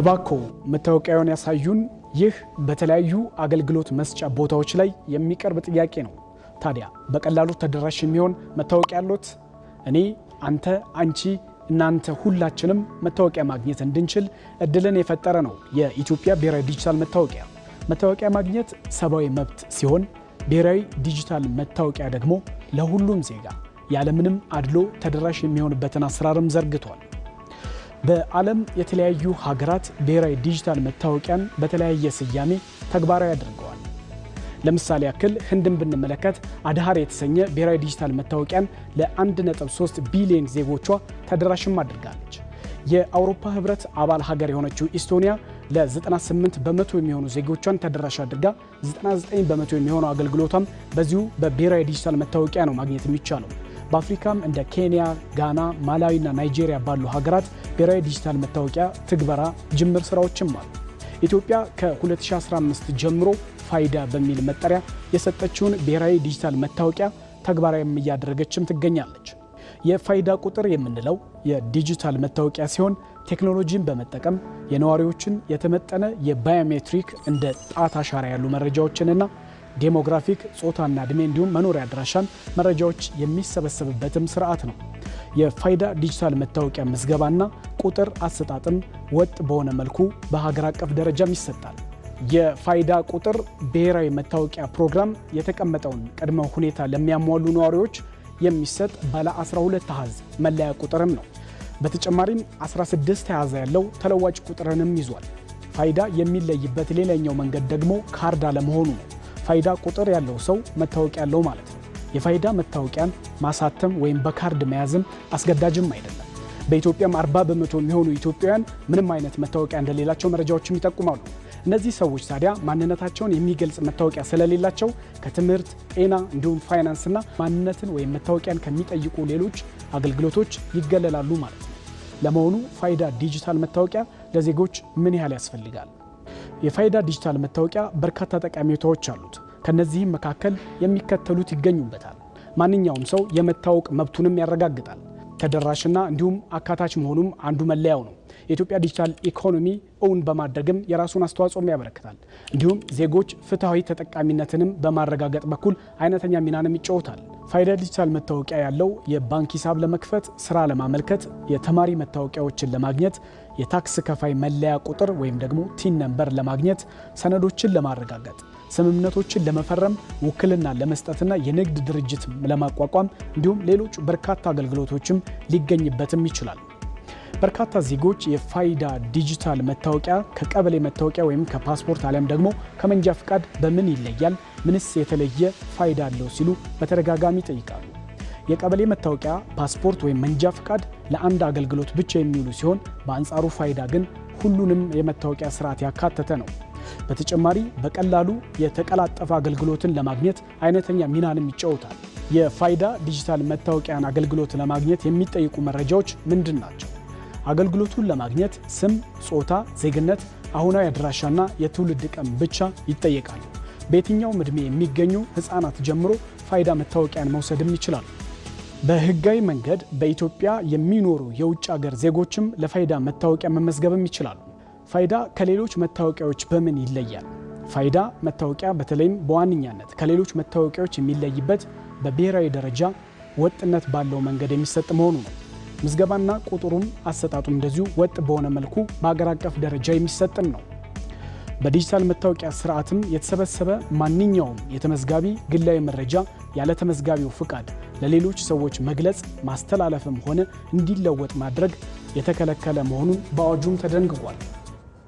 እባኮ መታወቂያውን ያሳዩን። ይህ በተለያዩ አገልግሎት መስጫ ቦታዎች ላይ የሚቀርብ ጥያቄ ነው። ታዲያ በቀላሉ ተደራሽ የሚሆን መታወቂያ ያሉት እኔ፣ አንተ፣ አንቺ፣ እናንተ ሁላችንም መታወቂያ ማግኘት እንድንችል እድልን የፈጠረ ነው የኢትዮጵያ ብሔራዊ ዲጂታል መታወቂያ። መታወቂያ ማግኘት ሰብአዊ መብት ሲሆን ብሔራዊ ዲጂታል መታወቂያ ደግሞ ለሁሉም ዜጋ ያለምንም አድሎ ተደራሽ የሚሆንበትን አሰራርም ዘርግቷል። በዓለም የተለያዩ ሀገራት ብሔራዊ ዲጂታል መታወቂያን በተለያየ ስያሜ ተግባራዊ አድርገዋል። ለምሳሌ ያክል ህንድን ብንመለከት አድሃር የተሰኘ ብሔራዊ ዲጂታል መታወቂያን ለ1.3 ቢሊዮን ዜጎቿ ተደራሽም አድርጋለች። የአውሮፓ ህብረት አባል ሀገር የሆነችው ኢስቶኒያ ለ98 በመቶ የሚሆኑ ዜጎቿን ተደራሽ አድርጋ 99 በመቶ የሚሆነው አገልግሎቷም በዚሁ በብሔራዊ ዲጂታል መታወቂያ ነው ማግኘት የሚቻለው። በአፍሪካም እንደ ኬንያ፣ ጋና፣ ማላዊና ናይጄሪያ ባሉ ሀገራት ብሔራዊ ዲጂታል መታወቂያ ትግበራ ጅምር ስራዎችም አሉ። ኢትዮጵያ ከ2015 ጀምሮ ፋይዳ በሚል መጠሪያ የሰጠችውን ብሔራዊ ዲጂታል መታወቂያ ተግባራዊ እያደረገችም ትገኛለች። የፋይዳ ቁጥር የምንለው የዲጂታል መታወቂያ ሲሆን ቴክኖሎጂን በመጠቀም የነዋሪዎችን የተመጠነ የባዮሜትሪክ እንደ ጣት አሻራ ያሉ መረጃዎችንና ዴሞግራፊክ፣ ጾታና እድሜ እንዲሁም መኖሪያ አድራሻን መረጃዎች የሚሰበሰብበትም ስርዓት ነው። የፋይዳ ዲጂታል መታወቂያ ምዝገባና ቁጥር አሰጣጥም ወጥ በሆነ መልኩ በሀገር አቀፍ ደረጃም ይሰጣል። የፋይዳ ቁጥር ብሔራዊ መታወቂያ ፕሮግራም የተቀመጠውን ቅድመ ሁኔታ ለሚያሟሉ ነዋሪዎች የሚሰጥ ባለ 12 አሃዝ መለያ ቁጥርም ነው። በተጨማሪም 16 አሃዝ ያለው ተለዋጭ ቁጥርንም ይዟል። ፋይዳ የሚለይበት ሌላኛው መንገድ ደግሞ ካርድ አለመሆኑ ነው። ፋይዳ ቁጥር ያለው ሰው መታወቂያ ያለው ማለት ነው። የፋይዳ መታወቂያን ማሳተም ወይም በካርድ መያዝም አስገዳጅም አይደለም። በኢትዮጵያም 40 በመቶ የሚሆኑ ኢትዮጵያውያን ምንም አይነት መታወቂያ እንደሌላቸው መረጃዎችም ይጠቁማሉ። እነዚህ ሰዎች ታዲያ ማንነታቸውን የሚገልጽ መታወቂያ ስለሌላቸው ከትምህርት፣ ጤና እንዲሁም ፋይናንስና ማንነትን ወይም መታወቂያን ከሚጠይቁ ሌሎች አገልግሎቶች ይገለላሉ ማለት ነው። ለመሆኑ ፋይዳ ዲጂታል መታወቂያ ለዜጎች ምን ያህል ያስፈልጋል? የፋይዳ ዲጂታል መታወቂያ በርካታ ጠቀሜታዎች አሉት። ከነዚህም መካከል የሚከተሉት ይገኙበታል። ማንኛውም ሰው የመታወቅ መብቱንም ያረጋግጣል። ተደራሽና እንዲሁም አካታች መሆኑም አንዱ መለያው ነው። የኢትዮጵያ ዲጂታል ኢኮኖሚ እውን በማድረግም የራሱን አስተዋጽኦም ያበረክታል። እንዲሁም ዜጎች ፍትሐዊ ተጠቃሚነትንም በማረጋገጥ በኩል አይነተኛ ሚናንም ይጫወታል። ፋይዳ ዲጂታል መታወቂያ ያለው የባንክ ሂሳብ ለመክፈት፣ ስራ ለማመልከት፣ የተማሪ መታወቂያዎችን ለማግኘት፣ የታክስ ከፋይ መለያ ቁጥር ወይም ደግሞ ቲን ነምበር ለማግኘት፣ ሰነዶችን ለማረጋገጥ፣ ስምምነቶችን ለመፈረም፣ ውክልና ለመስጠትና የንግድ ድርጅት ለማቋቋም እንዲሁም ሌሎች በርካታ አገልግሎቶችም ሊገኝበትም ይችላል። በርካታ ዜጎች የፋይዳ ዲጂታል መታወቂያ ከቀበሌ መታወቂያ ወይም ከፓስፖርት አሊያም ደግሞ ከመንጃ ፍቃድ በምን ይለያል? ምንስ የተለየ ፋይዳ አለው? ሲሉ በተደጋጋሚ ይጠይቃሉ። የቀበሌ መታወቂያ፣ ፓስፖርት ወይም መንጃ ፍቃድ ለአንድ አገልግሎት ብቻ የሚውሉ ሲሆን በአንጻሩ ፋይዳ ግን ሁሉንም የመታወቂያ ስርዓት ያካተተ ነው። በተጨማሪ በቀላሉ የተቀላጠፈ አገልግሎትን ለማግኘት አይነተኛ ሚናንም ይጫወታል። የፋይዳ ዲጂታል መታወቂያን አገልግሎት ለማግኘት የሚጠይቁ መረጃዎች ምንድን ናቸው? አገልግሎቱን ለማግኘት ስም፣ ጾታ፣ ዜግነት፣ አሁናዊ አድራሻና የትውልድ ቀን ብቻ ይጠየቃሉ። በየትኛውም ዕድሜ የሚገኙ ሕፃናት ጀምሮ ፋይዳ መታወቂያን መውሰድም ይችላሉ። በህጋዊ መንገድ በኢትዮጵያ የሚኖሩ የውጭ ሀገር ዜጎችም ለፋይዳ መታወቂያ መመዝገብም ይችላሉ። ፋይዳ ከሌሎች መታወቂያዎች በምን ይለያል? ፋይዳ መታወቂያ በተለይም በዋነኛነት ከሌሎች መታወቂያዎች የሚለይበት በብሔራዊ ደረጃ ወጥነት ባለው መንገድ የሚሰጥ መሆኑ ነው። ምዝገባና ቁጥሩም አሰጣጡ እንደዚሁ ወጥ በሆነ መልኩ በሀገር አቀፍ ደረጃ የሚሰጥም ነው። በዲጂታል መታወቂያ ስርዓትም የተሰበሰበ ማንኛውም የተመዝጋቢ ግላዊ መረጃ ያለ ተመዝጋቢው ፍቃድ ለሌሎች ሰዎች መግለጽ ማስተላለፍም ሆነ እንዲለወጥ ማድረግ የተከለከለ መሆኑን በአዋጁም ተደንግጓል።